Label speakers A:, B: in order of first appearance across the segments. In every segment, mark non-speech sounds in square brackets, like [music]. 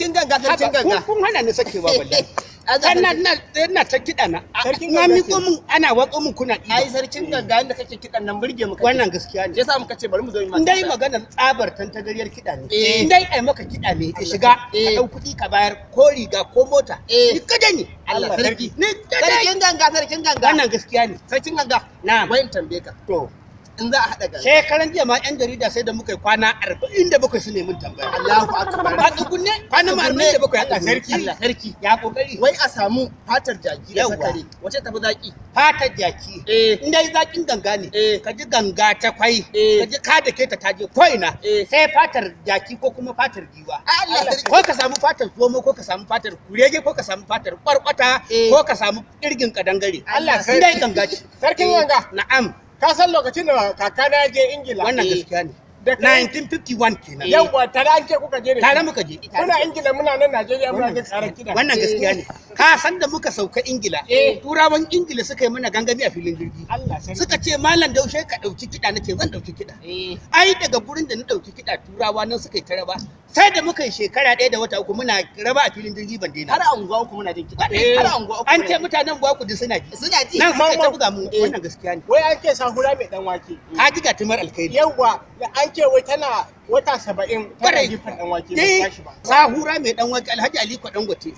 A: sarkin ganga sarkin ganga kun hana ni sake ba [laughs] wallahi ina ina ina ta kida na na mi ko mun ana watsa mun kuna ai sarkin ganga inda kake kidan nan burge mu wannan gaskiya ne yasa muka ce bari mu zo mu dai magana tsabar tantagariyar kida ne eh. dai ai maka kida ne ka shiga ka dau eh. kuɗi ka bayar ko riga ko mota eh. ni kada ne Allah sarki ni kada sarkin ganga sarkin ganga wannan gaskiya ne sarkin ganga na wayin tambaye ka to in za a haɗa gari. Shekaran jiya ma 'yan jarida sai da muka yi kwana arba'in da bakwai su nemin tambaya. Allahu akbar. Ba tukun ne kwana ma arba'in da bakwai Allah sarki. Allah sarki. Ya kokari. Wai a samu fatar jaki da sakare wace tafi zaki. Fatar jaki. Eh. Indai zakin ganga ne. Eh. Ka ji ganga ta kwai. Eh. Ka ji ka da ke ta taje ko ina. Eh. Sai fatar jaki ko kuma fatar giwa. Ah, Allah sarki. Ko ka samu fatar zomo ko ka samu fatar kurege ko ka samu fatar kwarkwata eh. ko ka samu kirgin kadangare. Allah sarki. Indai dai ganga ce. Sarkin eh. ganga. Na'am. ka san lokacin da kakana ya je ingila wannan eh. gaskiya ne 1951 kenan yawa tare an ce kuka je da tare muka je muna ingila muna nan najeriya muna da tsarar kida wannan gaskiya ne eh. ka san da muka sauka ingila eh. turawan ingila suka yi mana gangami a filin jirgi suka ce malam daushe ka dauki kida nace zan dauki kida eh. ai daga gurin da na dauki kida turawa nan suka yi ta raba sai da muka yi shekara ɗaya da wata uku muna raba a filin jirgi ban daina har anguwa uku muna jin kiɗa har anguwa uku an ce mutanen anguwa uku suna ji suna ji nan suka ta buga mu wannan gaskiya ne wai an ce sahura mai dan wake ka ji gatumar alkhairi yawa an an ce wai tana wata saba'in tana gifin dan wake bai eh. tashi ba sahura mai dan wake alhaji aliko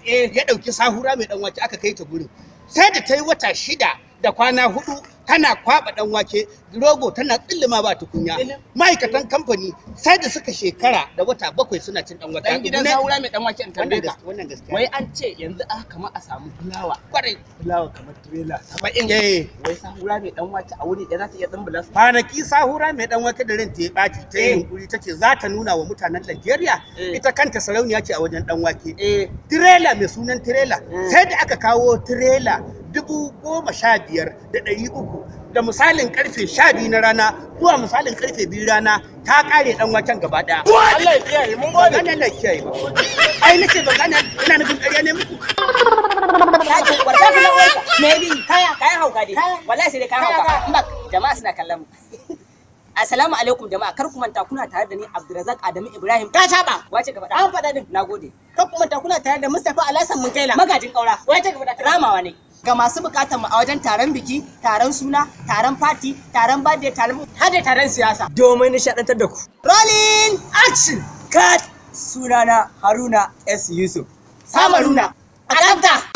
A: Eh, ya dauki sahura mai dan wake aka kai ta gurin sai da ta yi wata shida da kwana hudu Ana kwaba dan wake rogo tana tsillima ba tukunya ma'aikatan kamfani sai da suka shekara da wata bakwai suna cin dan wake dan gidan mai dan wake in tambaye ka wannan gaskiya wai an ce yanzu aka kama a samu fulawa kwarai fulawa kamar trailer 70 eh wai sahura mai dan wake a wuri da za ta iya dumbula su kwanaki sahura mai dan wake da ranta ya baci ta yi eh. yunkuri tace za ta nuna wa mutanen Najeriya eh. ita kanta sarauniya ce a wajen dan wake eh trailer mai sunan trailer eh. sai da aka kawo trailer dubu goma sha biyar da ɗari uku da misalin karfe sha biyu na rana zuwa misalin karfe biyu rana ta ƙare ɗan waken gaba daya. Allah ya kiyaye mun gode. Allah ya kiyaye ba. Ai nace ban gane ina nufin ƙarya ne muku. Kaji warka na wata. Me bi kaya kaya hauka dai. Wallahi sai dai kaya hauka. Mbak jama'a suna kallon mu. [laughs] Assalamu alaikum jama'a kar ku manta kuna tare da ni Abdulrazak Adamu Ibrahim ka shaba wace gaba da an faɗa din nagode kar ku manta kuna tare da Mustapha Alhassan Munkaila magajin kaura wace gaba da ramawa ne ga masu bukatar mu a wajen taron biki, taron suna, taron fati, taron birthday, taron da taron siyasa. Domin nishadantar da ku. Rolling action. Cut. Sunana Haruna S Yusuf. Samaruna. Adapter.